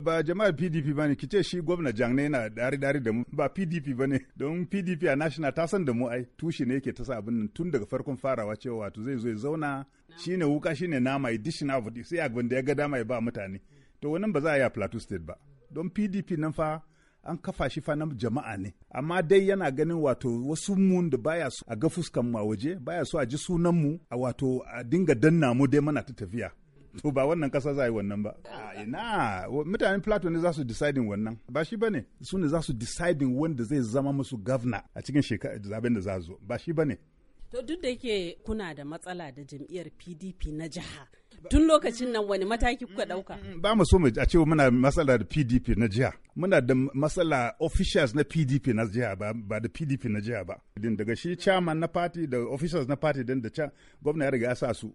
Ba jama'ar PDP ba ne, ki ce shi gwamna Jang ne yana dari-dari da mu, ba PDP ba ne, don PDP a National ta san da mu ai, tushe ne yake ta sa abin tun daga farkon farawa cewa wato zai zo ya zauna, shi ne wuka shi ne nama ya dishi na sai abin da ya ga dama ya ba mutane. To wannan ba za a yi a Plateau State ba, don PDP na fa an kafa shi fa na jama'a ne amma dai yana ganin wato wasu mun da baya so a ga fuskan mu a waje baya su a ji sunan mu a wato a dinga danna mu dai mana ta tafiya to ba wannan kasa za a yi wannan ba ina mutanen plateau ne za su deciding wannan ba shi bane su ne za su deciding wanda zai zama musu governor a cikin zaben da za zo ba shi bane to duk da yake kuna da matsala da jam'iyyar pdp na jiha tun lokacin nan wani mataki kuka dauka mm, mm, mm, ba mu so mu a cewa muna matsala da PDP na jiha muna da matsala officials na PDP na jiha ba ba da PDP na jiha ba din daga shi chairman na party da officials na party din da cha gwamnati ya riga ya sa su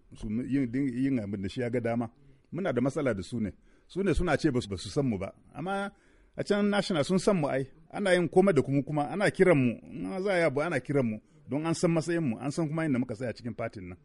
yin abin da shi ya ga dama muna da matsala da su ne su ne suna ce ba su san mu ba amma a can national sun san mu ai ana yin koma da kuma kuma ana kiran mu za a yabo ana kiran mu don an san matsayinmu an san kuma inda muka tsaya cikin fatin nan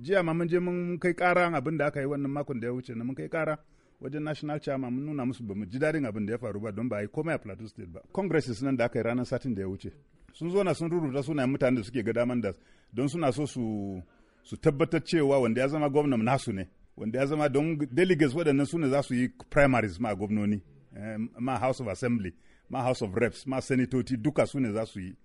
jiya ma mun je mun kai kara abin da aka yi wannan makon da ya wuce na mun kai kara wajen national chairman mun nuna musu ba mu ji dadin abin da ya faru ba don ba yi komai a plateau state ba Congress nan da aka yi ranar satin da ya wuce sun zo na sun rubuta sunayen mutanen da suke ga daman da don suna so su su tabbatar cewa wanda ya zama gwamnan nasu ne wanda ya zama don delegates waɗannan su ne za su yi primaries ma gwamnoni eh, ma house of assembly ma house of reps ma senatoci duka su ne za su yi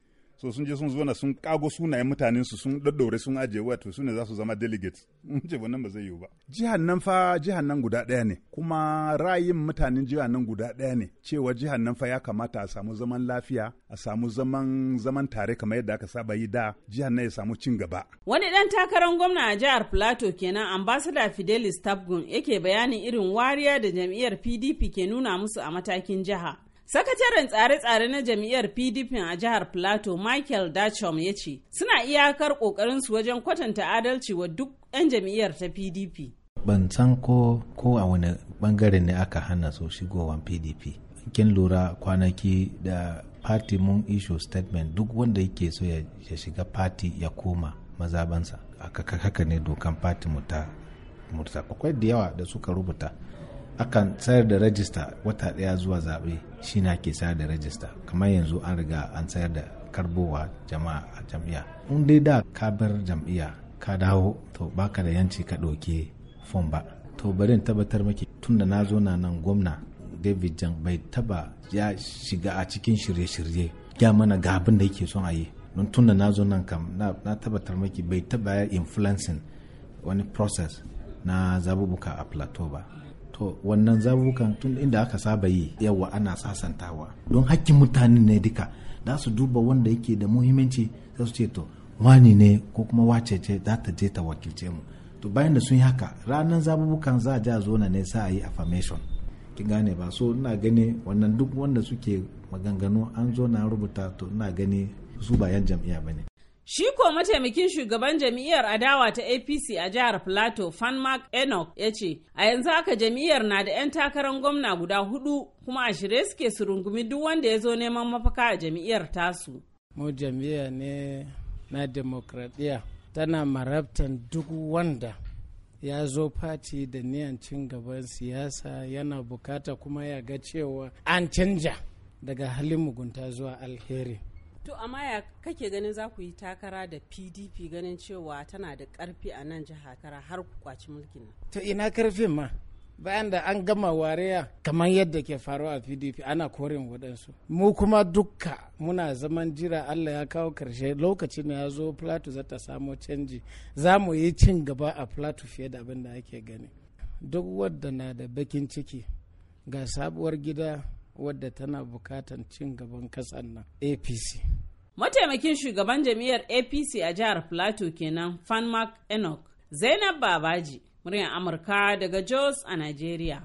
so sun je sun zo na sun kago sunayen mutanen su sun daddaure sun ajiye wato su ne za su zama delegates mun ce wannan ba zai yiwu ba jihar nan fa jihar nan guda ɗaya ne kuma ra'ayin mutanen jihar nan guda ɗaya ne cewa jihar nan fa ya kamata a samu zaman lafiya a samu zaman zaman tare kamar yadda aka saba yi da jihar nan ya samu cin gaba wani dan takarar gwamna a jihar Plateau kenan ambassador Fidelis Tabgun yake bayanin irin wariya da jam'iyyar PDP ke nuna musu a matakin jiha Sakataren tsare-tsare na jam'iyyar PDP a jihar Plateau Michael Dachom ya ce suna iyakar ƙoƙarinsu wajen kwatanta adalci wa duk 'yan jam'iyyar ta PDP. Ban san ko ko a wani bangare ne aka hana su shigowan PDP. Kin lura kwanaki da party mun issue statement duk wanda yake so ya shiga party ya koma mazabansa. Haka ne dokan party mu ta murta akwai da yawa da suka rubuta akan sayar da rajista wata daya zuwa zaɓe shi na ke sayar da rajista kamar yanzu an riga an sayar da karbowa jama'a a jam'iyya in dai da ka bar jam'iyya ka dawo to baka da yanci ka ɗauke fom ba to bari in tabbatar maki tun da na zo na nan gwamna david jan bai taba ya shiga a cikin shirye-shirye ya mana ga abin da yake son a yi don tun da na zo nan kam na tabbatar maki bai taba ya influencing wani process na zabubuka a plateau ba to wannan zabukan tun inda aka saba yi yawa ana sasantawa don hakkin mutanen ne duka za su duba wanda yake da muhimmanci za su ce to wani ne ko kuma wace ce za ta je ta wakilce mu to bayan da sun yi haka ranar zabubukan za a ja zona ne sa a yi affirmation kin gane ba so ina gani wannan duk wanda suke maganganu an zo na rubuta to ina gani su ba yan jam'iyya bane Shi ko mataimakin shugaban jam'iyyar adawa ta APC a jihar Plateau, Fanmark Enoch ya ce, a yanzu haka jam'iyyar na da 'yan takarar gwamna guda hudu kuma a shirye suke su rungumi duk wanda ya zo neman mafaka a jam'iyyar tasu. Mu jam'iyya ne na demokradiyya tana marabtan duk wanda ya zo fati da niyan cin gaban siyasa yana bukata kuma ya ga cewa an canja daga halin mugunta zuwa alheri. To amma ya kake ganin za ku yi takara da PDP ganin cewa tana da karfi a nan jiha har ku kwaci mulkin nan. To ina karfin ma bayan da an gama wariya kamar yadda ke faruwa a PDP ana korin waɗansu. Mu kuma dukka muna zaman jira Allah ya kawo karshe lokacin ya zo Plateau zata ta samo canji za mu yi cin gaba a Plateau fiye da abin da ake gani. Duk wadda na da bakin ciki ga sabuwar gida wadda tana bukatan cin gaban kasan nan apc mataimakin shugaban jami'ar apc a jihar plateau kenan fanmark enoch zainab babaji muryar amurka daga jos a nigeria